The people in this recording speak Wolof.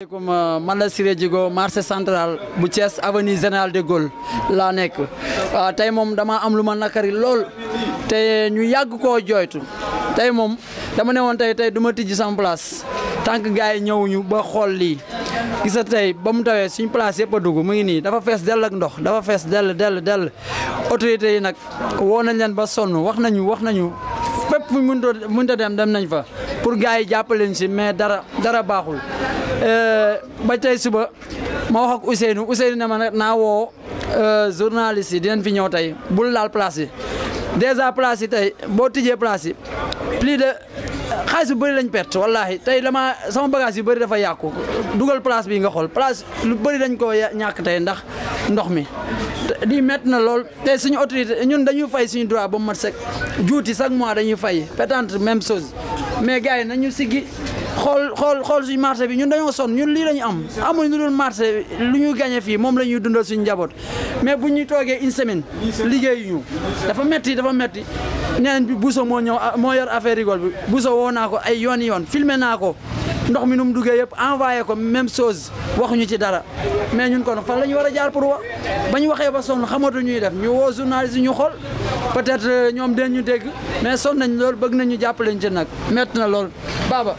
maaleykum uh, man la Siré Djigo marché centrale bu Thiès avenue général de Gaulle laa nekk uh, tey moom dama am lu ma nakari lool te ñu yàgg koo jooytu tey moom dama ne woon tey tey duma tijj tijji sama place tànk gars yi ñëwuñu ba xool lii gisa tey ba mu tawee suñ place yëpp a dugg mu ngi nii dafa fees dell ak ndox dafa fees dell dell dell autorités yi nag woo nañ leen ba sonn wax nañu wax nañu fépp mun mënut a dem dem nañ fa pour gars yi jàppaleen si mais dara dara baaxul Euh, ba tey suba ma wax ak Ousseynou Ousseynou ne ma nag naa woo euh, journaliste yi dinañ fi ñëw tey bul laal place yi à place yi tey boo tijjee place yi plus de xaalis bu bëri lañ perte wallahi tey dama sama bagage yu bëri dafa yàqu dugal place bi nga xool place lu bëri dañ koo ñàkk tey ndax ndox mi di métti na lool tey suñu autorité ñun dañuy fay suñu droit ba mu mat sek juuti chaque mois dañuy fay pétante même chose mais gars yi nañu siggi xool xool xool suñ marché bi ñun dañoo sonn ñun lii lañu am amuñ lu dul marché lu ñu gagné fii moom la ñuy dundal suñu njaboot mais bu ñu toogee une semaine liggéeyu ñu dafa metti dafa metti neenañ bi Bousso moo ñëw moo yor affaire rigole bi Bousso woo naa ko ay yoon yoon filmé naa ko ndox mi nu mu duggee yëpp envoyé ko même chose waxuñu ci dara mais ñun kon fan la ñu war a jaar pour wax ba ñu waxee ba sonn xamatu ñuy def ñu woo journaliste yi ñu xool peut-être euh, ñoom den ñu dégg mais sonn nañ loolu bëgg nañu jàppaleñ ci nag métti na lool Baba